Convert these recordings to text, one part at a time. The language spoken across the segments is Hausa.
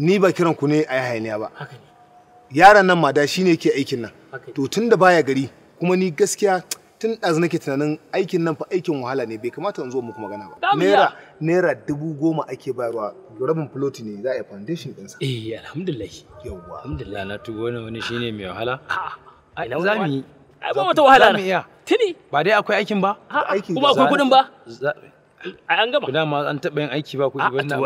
ni ba kiran ku ne a yi hayaniya ba yaran nan ma da shi ne ke aikin nan to tun da baya gari kuma ni gaskiya tun ɗazu nake tunanin aikin nan fa aikin wahala ne bai kamata in zo muku magana ba naira naira dubu goma ake bayarwa rabin floti ne za a yi foundation ɗinsa eh alhamdulillah yawwa alhamdulillah na tugo wani wani shine mai wahala a ina za mu yi ai ba wata wahala tuni ba dai akwai aikin ba kuma akwai kuɗin ba an gama dama an taɓa yin aiki ba kuɗi ba na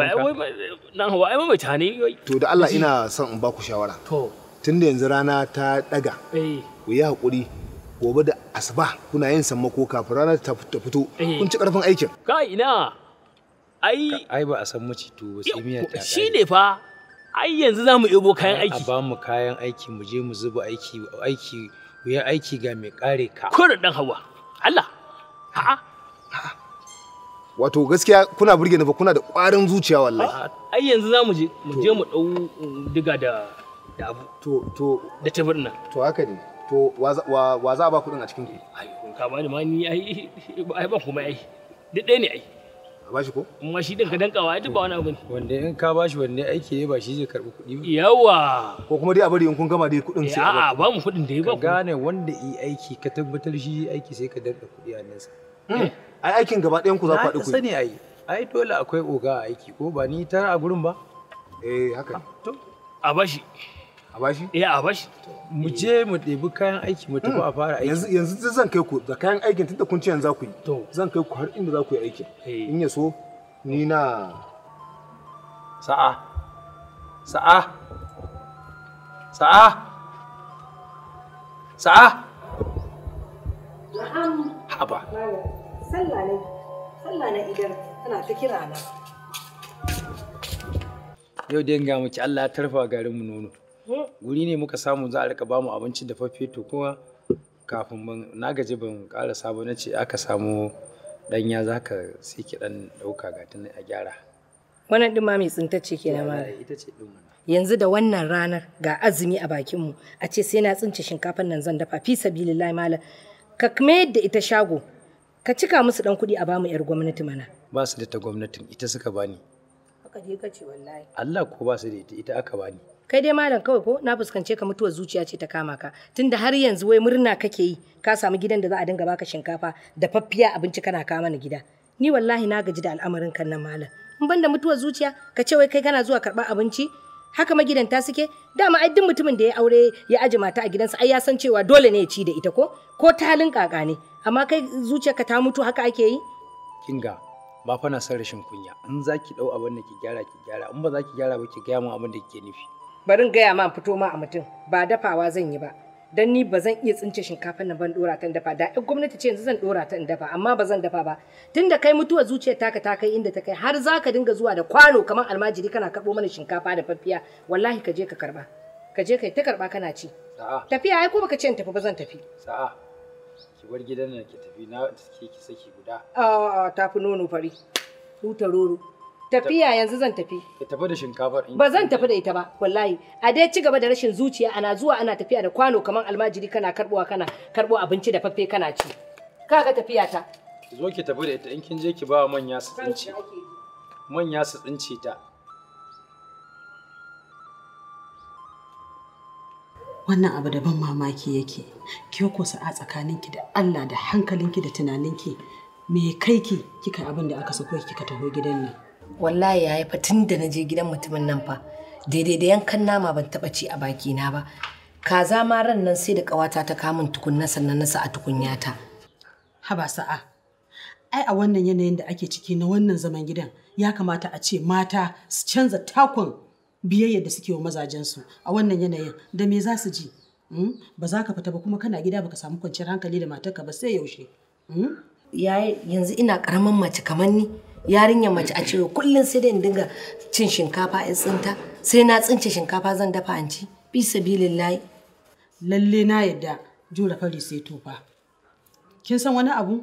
nan hawa ai mai tani to da Allah ina son in ba ku shawara to tunda yanzu rana ta daga eh. ku yi hakuri gobe da asuba kuna yin sammako kafin rana ta fito eh. kun ci karfin aikin kai ina ai ai ba a san mace to ba sai miya ta shi ne fa ai yanzu za mu ebo kayan aiki a ba mu kayan aiki mu je mu zuba aiki aiki ku yi aiki ga mai kare ka kurin dan hawa Allah a'a wato gaskiya kuna burge ni ba kuna da ƙwarin zuciya wallahi ah, ai yanzu zamu je mu je mu dau um, diga da da abu to to da tebur nan to haka ne to wa za a ba kuɗin a cikin ki ai kun ka bani ma ni ai ai ba kuma ai duk ɗaya ne ai a bashi ko ma shi din ka dankawa wa duk ba wani abu ne wanda in ka bashi wanda aiki ne ba shi zai karɓi kuɗi ba yawa ko kuma dai a bari in kun gama dai kuɗin sai a eh, ba mu kuɗin da ya ba ku gane wanda yi aiki ka tabbatar shi aiki sai ka danka kuɗi a nesa Hmm. Eh, ai aikin gaba ɗayan ku za ku haɗu ku sani ai ai dole akwai oga a aiki ko ba ni tara a gurin ba eh haka to a bashi a bashi eh a bashi mu je mu ɗebi kayan aiki mu tafi hmm. a fara aiki yanzu yanzu zan kai ku da kayan aikin tunda kun ce yanzu za ku yi to zan kai ku har inda za ku yi aikin eh. in ya so ni na sa'a sa'a sa'a sa'a haba sallah idan tana ta kira yau dai ga miki Allah ya tarfa garin mu nono guri ne muka samu za a rika bamu abinci da faffe to kuma kafin ban na gaji ban ƙara sabo na ce aka samu danya za ka sai ki dan dauka ga tun a gyara wannan ɗin mai tsintacce ke ma ita ce ɗin yanzu da wannan ranar ga azumi a bakinmu a ce sai na tsince shinkafan nan zan dafa fi sabilillahi malam ka kuma yadda ita shago ka cika musu dan kuɗi a bamu yar gwamnati mana ba su da ta gwamnatin ita suka bani haka dai kace wallahi Allah ko ba su da ita ita aka bani kai dai malam kawai ko na fuskance ka mutuwar zuciya ce ta kama ka tunda har yanzu wai murna kake yi ka samu gidan da za a dinga baka shinkafa da faffiya abinci kana kama mana gida ni wallahi na gaji da al'amarin kan nan malam in banda mutuwar zuciya ka ce wai kai kana zuwa karɓar abinci haka magidanta suke dama ai duk mutumin da ya aure ya aje mata a gidansa ai ya san cewa dole ne ya ci da ita ko ko ta halin kaka ne amma kai zuciyarka ta mutu haka ake yi kinga ba fa na son rashin kunya in za ki dau abin da ki gyara ki gyara in ba za gyara ba ki gaya min abin da kike nufi barin gaya ma fito ma a mutum ba dafawa zan yi ba dan ni ba zan iya tsince shinkafar nan ban dora ta dafa da gwamnati ce yanzu zan dora ta in dafa amma ba zan dafa ba tunda kai mutuwar zuciyar taka ta kai inda ta kai har za ka dinga zuwa da kwano kamar almajiri kana karbo mana shinkafa da fafiya, wallahi ka je ka karba ka je kai ta karba kana ci tafiya ai ko baka ce in tafi ba zan tafi ki bar gidan nan ki tafi na take ki saki guda a tafi nono fari huta roro tafiya yanzu zan tafi ki tafi da shinkafar ba zan tafi da ita ba wallahi a dai ci gaba da rashin zuciya ana zuwa ana tafiya da kwano kamar almajiri kana karbowa kana karbo abinci da faffe kana ci kaga tafiya ta ki zo ki tafi da ita in kin je ki ba manya su tsinci manya su tsinci ta wannan abu da ban mamaki yake ki ko sa'a tsakaninki da Allah da hankalinki da tunaninki me kai ki kika abin da aka sako kika taho gidan nan wallahi ya haifa tun da na je gidan mutumin nan fa daidai da yankan nama ban taba ci a baki na ba kaza ma ran nan sai da kawata ta kamun tukunna sannan na sa'a tukunyata haba sa'a ai a wannan yanayin da ake ciki na wannan zaman gidan ya kamata a ce mata su canza takon biyayyar da suke wa mazajensu a wannan yanayin da me za su ji hmm? ba za ka fita ba kuma kana gida baka samu kwanciyar hankali da matarka ba sai yaushe hmm? yanzu ina karaman mace kamar ni yarinyar mace a ce kullum sai dai in dinga cin shinkafa in tsinta sai na tsince shinkafa zan dafa an ci bi sabilillahi lalle na yadda jura fari sai tofa kin san wani abu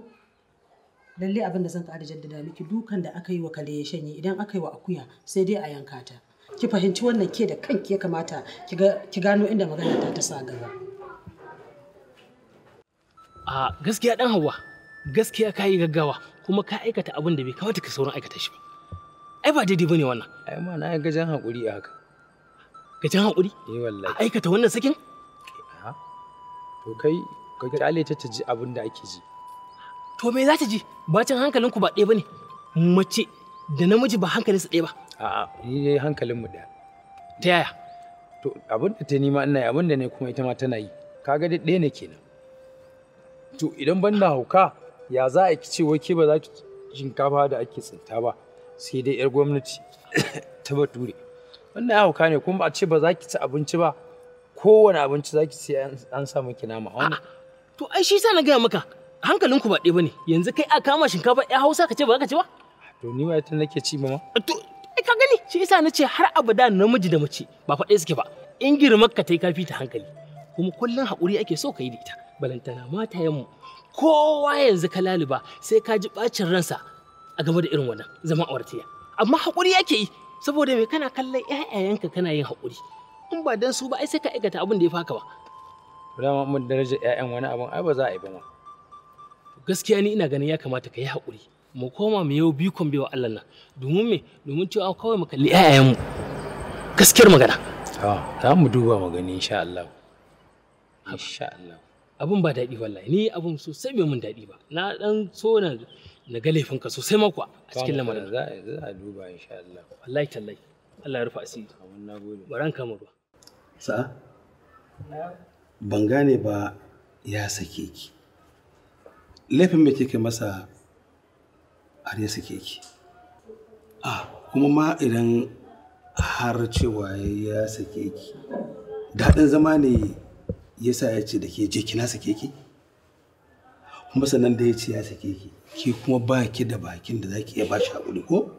lalle abin da zan ƙara jaddada miki dukan da aka yi wa kare ya shanye idan aka yi wa akuya sai dai a yanka ta ki fahimci wannan ke da kanki ya kamata ki gano inda magana ta ta sa gaba a gaskiya dan hawa gaskiya ka yi gaggawa kuma ka aikata abin da bai kamata ka sauran aikata shi ba ai ba daidai bane wannan ai ma na ga jan hakuri a haka ga jan hakuri eh wallahi aikata wannan sakin to kai ka kyale ta ji abin da ake ji to me za ta ji bacin hankalinku ba ɗaya bane mace da namiji ba hankalinsu ɗaya ba A'a, ni dai hankalin mu ɗaya. Ta yaya? To abin da ta nima ina yi abin da ne kuma ita ma tana yi. Ka ga ɗaya ne kenan. To idan ban na hauka ya za a ce wai ke ba za ki shinkafa da ake tsinta ba sai dai 'yar gwamnati ta bature. Wannan ya hauka ne kuma a ce ba za ki ci abinci ba kowane abinci za ki sai an sa miki nama. To ai shi sa na gaya maka hankalinku ba ɗaya ba ne yanzu kai a kama shinkafa 'ya hausa ka ce ba za ka ci ba? To ni ma ita nake ci ba ma. shi yasa na ce har abada namiji da mace ba faɗe suke ba in girman ka ta yi kafi ta hankali kuma kullum haƙuri ake so ka yi da ita balantana mata yanmu. kowa yanzu ka laluba sai ka ji ɓacin ransa a game da irin wannan zaman auratayya amma haƙuri ake yi saboda mai kana kallon ƴaƴayenka kana yin haƙuri in ba dan su ba ai sai ka aikata abin da ya faka ba dama mun daraja ƴaƴan wani abin ai ba za a yi ba gaskiya ni ina ganin ya kamata ka yi haƙuri mu koma mu yau bikon baiwa Allah nan domin me domin cewa kawai mu kalli mu gaskiyar magana za mu duba mu gani insha Allah insha Allah abun ba daɗi wallahi ni abun sosai bai mun daɗi ba na dan so na na ga laifin ka sosai ma kuwa a cikin lamarin za a duba insha Allah wallahi tallahi Allah ya rufa asiri amin nagode baran kama ba sa'a ban gane ba ya sake ki laifin me kike masa har ya sake ki a kuma ma idan har cewa ya sake ki daɗin zama ne ya sa ya ce da ke je kina sake ki kuma sannan da ya ce ya sake ki ki kuma ba ki da bakin da za ki iya ba shi haƙuri ko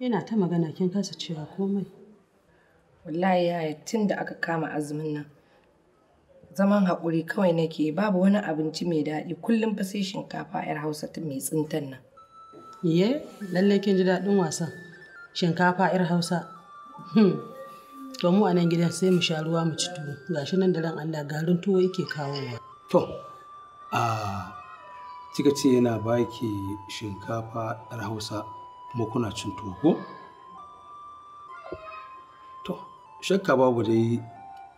yana ta magana kin kasa cewa komai wallahi yaya tun da aka kama azumin nan zaman haƙuri kawai nake babu wani abinci mai daɗi kullum fa sai shinkafa 'yar hausa ta mai tsintan nan Iye, lallai kin ji daɗin wasan. Shinkafa 'yar Hausa. Hmm. To mu a nan gidan sai mu sha ruwa mu ci tuwo. Gashi nan da ran Allah garin tuwo yake kawowa. To, a kika ce yana baki shinkafa ƴar Hausa kuma kuna cin tuwo ko? To, shakka babu dai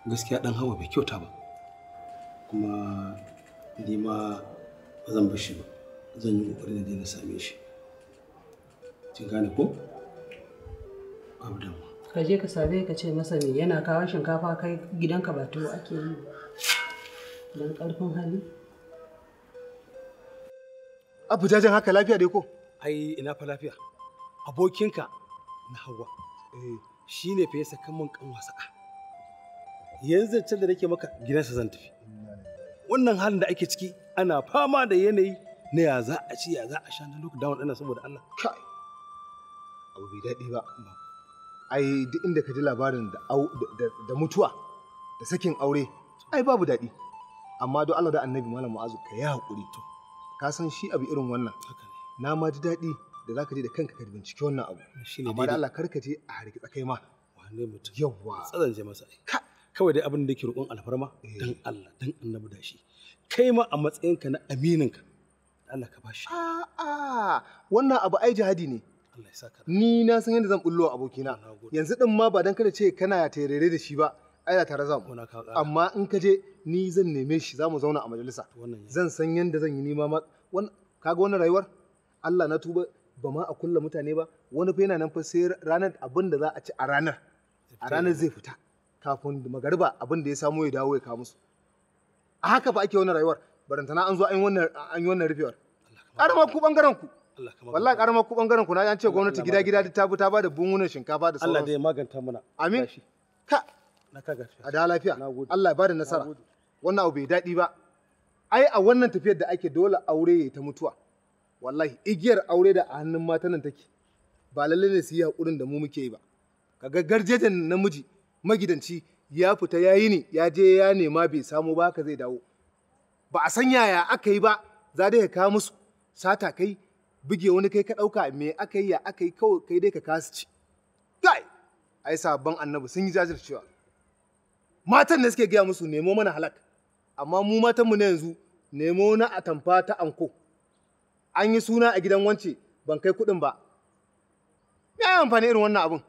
gaskiya ɗan hawa bai kyauta ba. Kuma ni ma ba zan bashi ba. Zan yi da na same shi. kin gane ko abu da ka je ka same ka ce masa me yana kawo shinkafa kai gidanka ba to ake yi don karfin hali abu jajen haka lafiya dai ko ai ina fa lafiya abokinka na hawa eh, shi ne fa ya saka min kan wasa'a yanzu can da nake maka gidansa zan tafi wannan halin da ake ciki ana fama da yanayi na ya za a ci ya za a sha na da ɗana saboda Allah kai abu bai daɗi ba ai duk inda ka ji labarin da mutuwa da sakin aure ai babu daɗi amma don Allah da annabi malam mu'azu ka yi haƙuri to ka san shi abu irin wannan na ma ji daɗi da zaka je da kanka ka bincike wannan abu amma da Allah karka je a harki tsakai ma wane mutum yawa je masa kawai dai abin da ke roƙon alfarma eh. dan Allah dan annabi da shi kai ma a matsayinka na aminin ka Allah ka bashi a'a wannan abu ai jihadi ne ni na san yadda zan bullo abokina yanzu din ma ba dan kada ce kana tarere da shi ba ai da tare za mu amma in ka je ni zan neme shi zamu zauna a majalisa zan san yadda zan yi nima ma kaga wannan rayuwar Allah na tuba ba ma a kulla mutane ba wani fa yana nan fa sai ranar abin da za a ci a ranar a ranar zai fita kafin magariba abin da ya samu ya dawo ya kawo musu a haka ba ake wannan rayuwar barantana an zo an yi wannan rufewar har ma ku bangaren ku wallahi karamar ku bangaren ku na an ce gwamnati gida gida ta ta ba da bungunan shinkafa da sauransu Allah maganta muna. amin ka na ka gaskiya. a da lafiya Allah ya bada nasara wannan abu bai daɗi ba ai a wannan tafiyar da ake dole aure ya ta mutuwa wallahi igiyar aure da a hannun matan nan take ba lalle ne su yi hakurin da mu muke yi ba kaga garjejen namiji magidanci ya fita ya yi ne ya je ya nema bai samu ba ka zai dawo ba a san yaya aka yi ba za dai ya kawo musu sata kai buge wani kai ka ɗauka me aka yi ya aka yi kawai kai dai ka kasa ci kai ai sabon annabi sun yi jajircewa matan da suke gaya musu nemo mana halak amma mu mu na yanzu nemo na atamfa ta anko an yi suna a gidan wance ban kai kuɗin ba me ya amfani irin wannan abun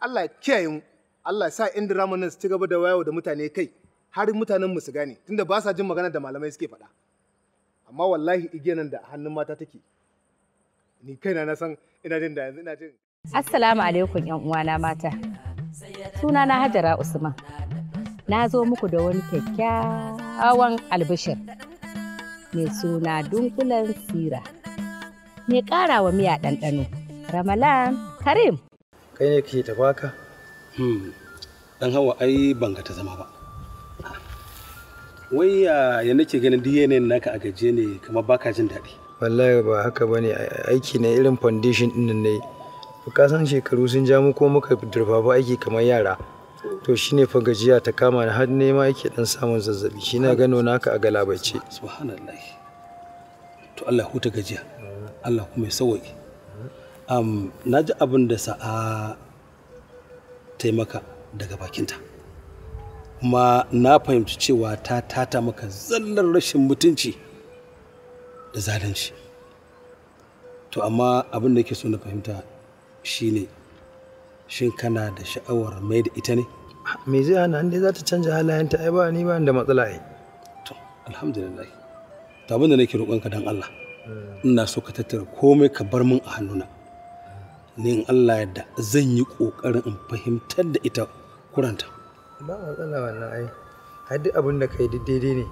Allah ya kiyaye mu Allah ya sa inda ramanin su ci gaba da wayo da mutane kai har mutanen mu su gane tunda ba sa jin magana da malamai suke faɗa. amma wallahi igiyanan da hannun mata take ni kaina na san ina jin da ina jin assalamu alaikum yan uwana mata suna na hajara usman na zo muku da wani kyakkyawan albishir mai suna dunkulan sira mai kara wa miya ɗanɗano ramalan karim kai ne ke tafaka hmm. dan hawa ai ban ga ta zama ba wai ya nake ganin duk yanayin naka a gaje ne kamar baka jin daɗi wallahi ba haka ba ne aiki na irin foundation ɗin ne ka san shekaru sun ja mu ko muka durfafa aiki kamar yara to shine fa gajiya ta kama ni har nema yake dan samun zazzabi shi na gano naka a galabace subhanallah to Allah huta gajiya Allah kuma ya sauki um naji abin da sa'a taimaka daga bakinta kuma na fahimci cewa ta tata maka zallar rashin mutunci da zalunci to amma abin da yake so na fahimta shine shin kana da sha'awar mai da ita ne me zai hana inda za ta canja halayenta ai ba ni ba da matsala ai to alhamdulillah to abin da nake roƙonka dan Allah ina so ka tattara komai ka bar min a hannuna ni in Allah yadda zan yi ƙoƙarin in fahimtar da ita kuranta ba matsala wannan ai har duk abin da kai duk daidai ne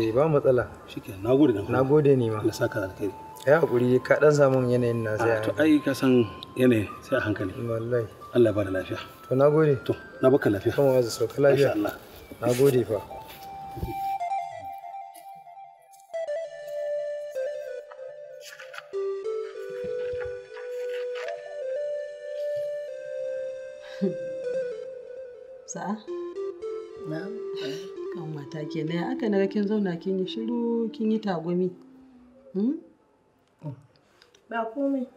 eh ba matsala shikenan nagode da nagode ne ma Allah saka alkhairi ai hakuri ka dan samu yanayin na sai to ai ka san yanayin sai a hankali wallahi Allah ya bada lafiya to nagode to na baka lafiya kuma wazu sauka lafiya insha Allah nagode fa Thank you. Sa'a? Na'am. Kan mata kenan aka na kin zauna kin yi shiru kin yi tagumi. Hmm? Ba komai.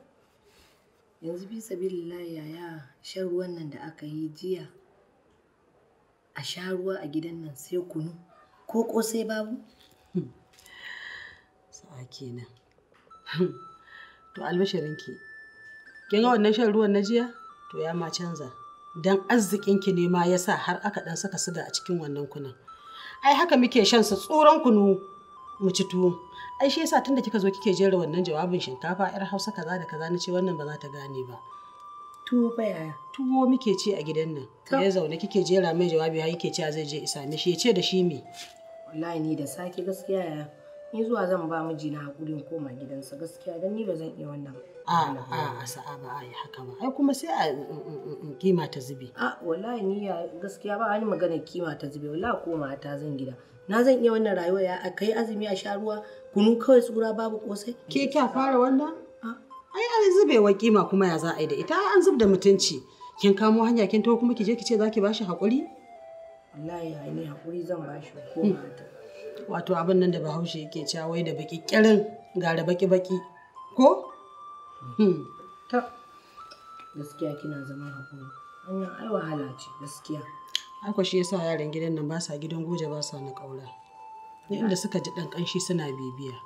Yanzu bi sabilillahi yaya shan ruwan nan da aka yi jiya a sha ruwa a gidan nan sai kunu ko kosai babu? Sa'a kenan. To albashirinki. Kin ga wannan shan ruwan na jiya? To ya ma canza. don arzikinki ne ma ya sa har aka ɗan saka siga a cikin wannan kunan ai haka muke shan su tsoron kunu mu ci tuwo ai shi yasa tun da kika zo kike jera wannan jawabin shinkafa yar hausa kaza da kaza na ce wannan ba za ta gane ba tuwo ba yaya tuwo muke ci a gidan nan ya zaune kike jera mai jawabi har yake a zai je isa shi ya ce da shi me wallahi ni da sake gaskiya ya. ni zuwa zan ba mijina hakurin koma gidansa gaskiya don ni ba zan iya wannan a a a sa'a ba a yi haka ba ai kuma sai a kima ta zube a wallahi ni ya gaskiya ba wani magana kima ta zube wallahi koma ta zan gida na zan iya wannan rayuwa ya kai azumi a sha ruwa kunu kawai tsura babu kosai ke kya fara wannan ai an zubewa kima kuma ya za a yi da ita an zub da mutunci kin kamo hanya kin taho kuma ki je ki ce zaki bashi hakuri wallahi ai ni hakuri zan bashi ko hmm. ta. wato abin nan da bahaushe yake cewa wai da baki kirin ga da baki baki ko hmm. ta gaskiya kina zama hakuri wannan ai wahala ce gaskiya ko shi yasa yaran gidan nan ba sa gidan goje ba sa na kaura inda suka ji dan kanshi suna bibiya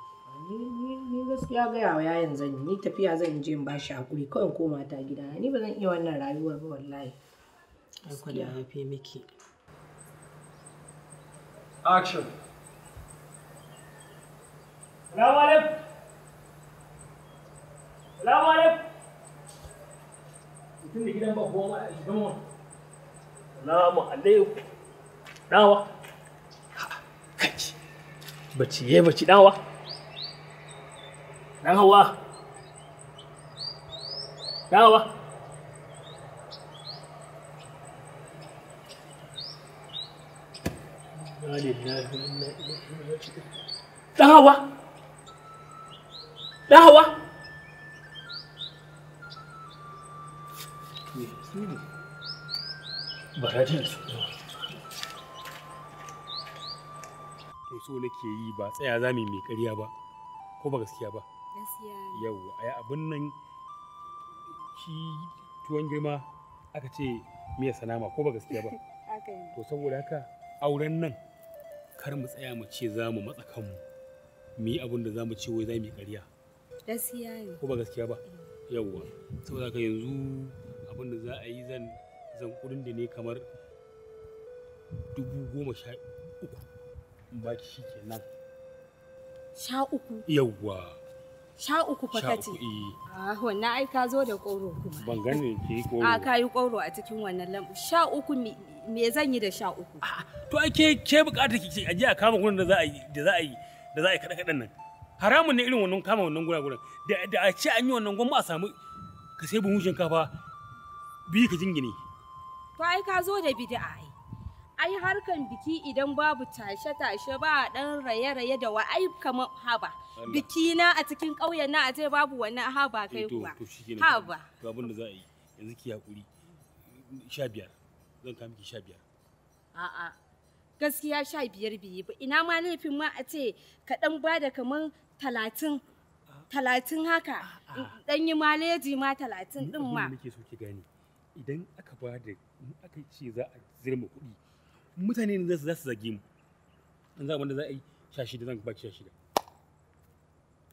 ni gaskiya gaya wa yayin zan yi ni tafiya zan je in ba shi hakuri kawai koma ta gida ni ba zan iya wannan rayuwar ba wallahi ai ko da miki action Salamu alaikum. Salamu alaikum. Mutum da gidan ba kuma ma a shigan wani. Salamu alaikum. Dawa. Kaci. Baci ye baci dawa. Dan hawa. Dawa. Dan hawa. Da so nake yi ba tsaya za mu mai ƙarya ba. Ko ba gaskiya ba? Gaskiya. Yau abin nan shi tuwon girma aka ce miya sanama ko ba gaskiya ba. To saboda haka auren nan kar mu tsaya mu ce za mu matsa kanmu. Mu yi abin da za mu ce wai za mu yi ƙarya. gaskiya ne ko ba gaskiya ba eh. yawwa saboda ka yanzu abin da za a yi zan zan kudin da ne kamar dubu goma sha uku baki shi kenan sha uku yawwa sha uku fakati eh. ah wannan ai ka zo da koro kuma ban gane ke koro a ah, ka yi koro a cikin wannan lambu sha uku me zan yi da sha uku to ake ke bukatar ki aje a kama gurin da za a yi da za a yi da za a yi kada kadan nan haramun ne irin wannan kama wannan guraguren da da a ce an yi wannan gwamma a samu ka sai buhun shinkafa biyu ka jingine to ai ka zo da bid'a ai ai harkan biki idan babu tashe-tashe ba dan raye-raye da wa'ai kamar haba biki na a cikin ƙauyen na a ce babu wannan haba kai eh kuwa haba to abin da za a yi yanzu ki hakuri sha biyar zan kawo miki sha biyar a'a gaskiya sha biyar biyu ba ina ma laifin ma a ce ka dan ba da kamar talatin talatin haka dan yi maleji ma talatin din ma nake so ki gane idan aka bada in aka ce za a zirma kuɗi mutane ne za su zage mu an za wanda za a yi sha shida zan baki sha shida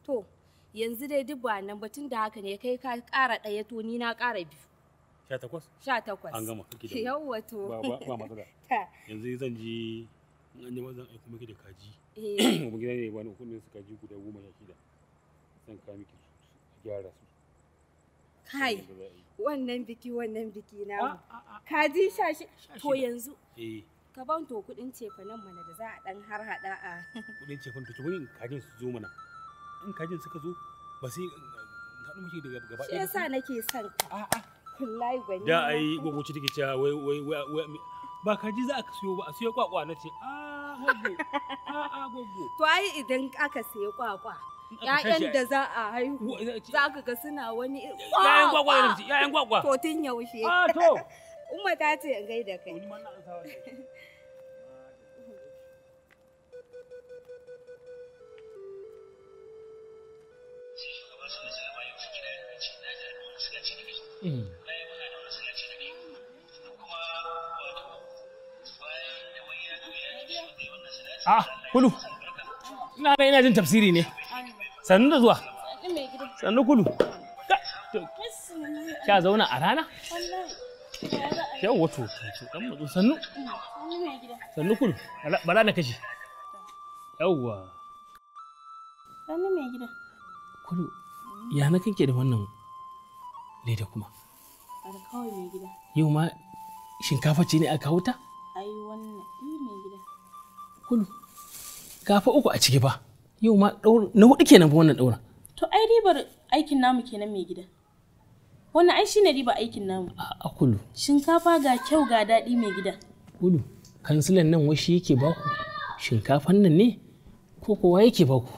to yanzu dai duk ba nan batun da haka ne kai ka ƙara ɗaya to ni na ƙara biyu sha takwas sha takwas an gama kake da to ba matsala yanzu zan ji an ji aiko miki da kaji eh. ne kudin su kaji guda goma sha shida zan miki su gyara su kai wannan biki wannan biki na kaji sha shi to yanzu eh. ka ban to kudin nan mana da za a dan har hada a kudin cefanen to kajin su zo mana in kajin suka zo ba sai haɗu miki gaba ɗaya shi yasa nake son ka a'a wallahi gwani da ai a na ce ah, ah, ah, a a da za gaida kai Mm. a ah, kulu ina ina jin tafsiri ne sannu da zuwa sannu kulu Ka zauna a rana Yau wato dan matsu sannu sannu kulu Bala na kashe. Yauwa, sannu mai gida kulu ya na kanke da wannan leda kuma kawai mai gida yau ma shinkafa ce ne a kawo ta Kulu, gafa uku a ciki ba yau ma na hudu kenan ba wannan daura to ai ribar aikin namu kenan mai gida wannan ai shine riba aikin namu a kulu shinkafa ga kyau ga daɗi mai gida kulu kansilan nan washi yake baku shinkafan nan ne ko kowa yake baku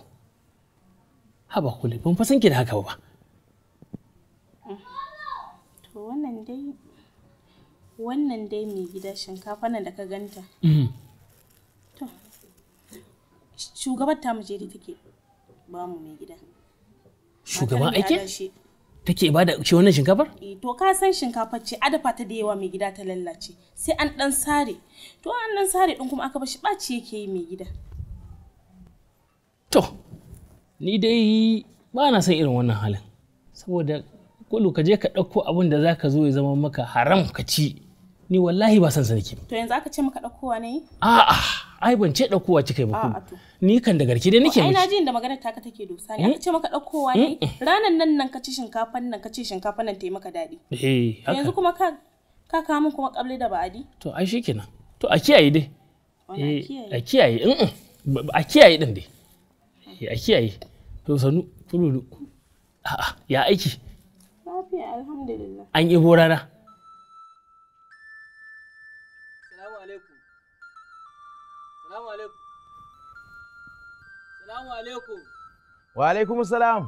haba kulu ban fasan ki da haka ba to wannan dai wannan dai mai gida shinkafa nan da ka ganta mm. shugabar ta muje da take ba mu mai gida shugaban aiki take ba da ce wannan shinkafar e, to ka san shinkafar ce adafa ta da yawa mai gida ta lallace sai an dan sare to an dan sare din kuma aka bashi ɓaci yake yi mai gida to ni dai ba na san irin wannan halin saboda kulu ka je ka ɗauko abin da zaka zo ya zama maka haram ka ci ni wallahi ba san sa nake to yanzu aka ce maka wa ne a'a ai ban ce ɗaukowa ci kai ba ku ni kan da garki dai nake miki. Ai na inda da maganar taka take dosa ne. Hmm? Aka ce maka ɗaukowa ne. Hmm? Hmm? Ranan nan nan ka ci shinkafan nan ka ci shinkafan nan ta yi maka daɗi. Eh haka. Yanzu kuma ka ka kawo min kuma ƙable da ba'adi. To ai shikenan. To a kiyaye dai. A eh, kiyaye. A kiyaye din dai. Eh, a kiyaye. To sanu kululu. A'a ya aiki. Lafiya alhamdulillah. An yi rana. alaikum. Wa alaikum salam.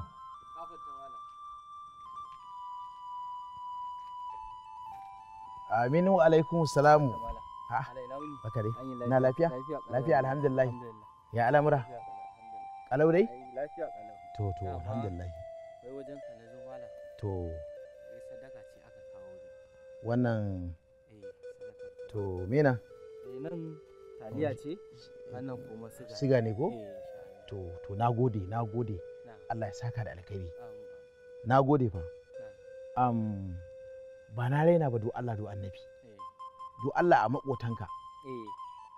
Aminu wa alaikum salamu. Ha? Baka dai. Na lafiya? Lafiya alhamdulillah. Ya al'amura. Kalau dai? Lafiya kalau. To to alhamdulillah. Wai wajen ka na zo To. sadaka ce aka kawo Wannan To mena? Eh nan taliya ce. Wannan kuma siga. Siga ne ko? Eh. to to na gode na gode Allah ya saka da alkhairi na gode fa um, ba na raina ba do Allah do annabi eh. do Allah a makotanka eh.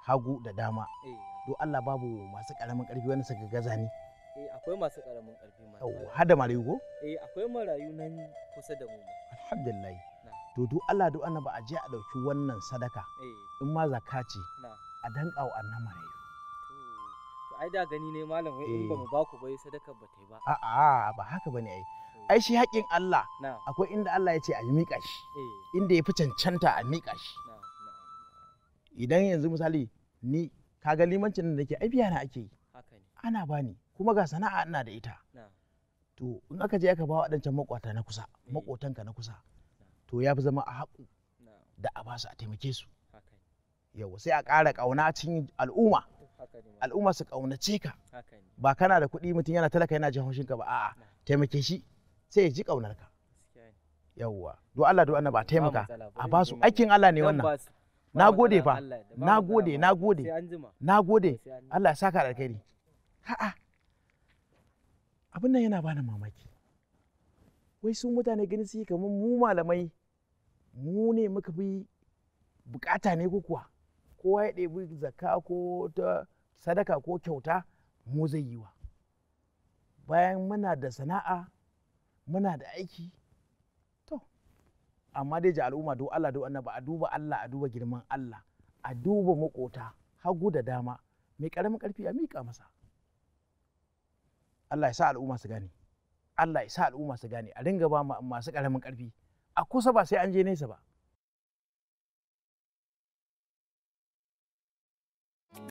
hagu da dama eh. do Allah babu masu karamin karfi wani suka gaza ni eh akwai masu karamin karfi ma yau hada marayu ko eh akwai marayu nan kusa da mu alhamdulillah to do Allah do annabi a je a dauki wannan sadaka in ma zakaci. a danka wa annan marayu ai da gani ne malam wai in ba mu eh. ba ku bai sadaka ba ta yi ba a'a ba haka bane ai hmm. ai shi haƙin Allah akwai inda Allah ya ce a miƙa shi eh. inda ya fi cancanta a miƙa shi idan yanzu misali ni kaga limancin da nake ai biya na ake yi ana bani kuma ga sana'a ina da ita to in aka je aka ba waɗancan makwata na kusa eh. makotanka na kusa to ya fi zama a haƙu da a basu a taimake su Yau sai a ƙara ƙauna cikin al'umma al'umma su kaunace ka ba kana da kuɗi mutum yana talaka yana jin haushinka ba a'a taimake shi sai ya ji kaunar ka yawwa do Allah do annaba taimaka a ba su aikin Allah ne wannan na gode fa na gode na gode na gode Allah ya saka da alkhairi a'a abin nan yana bani mamaki wai su mutane gani su yi kamar mu malamai mu ne muka fi bukata ne ko kuwa kowa ya ɗebi zaka ko ta sadaka ko kyauta mu zai yi wa bayan muna da sana'a muna da aiki to amma dai ji al'umma do Allah do annaba a duba Allah a duba girman Allah a duba makota hagu da dama mai karamin karfi a miƙa masa Allah ya sa al'umma su gane Allah ya sa al'umma su gane a ringa ba masu karamin karfi a kusa ba sai an je nesa ba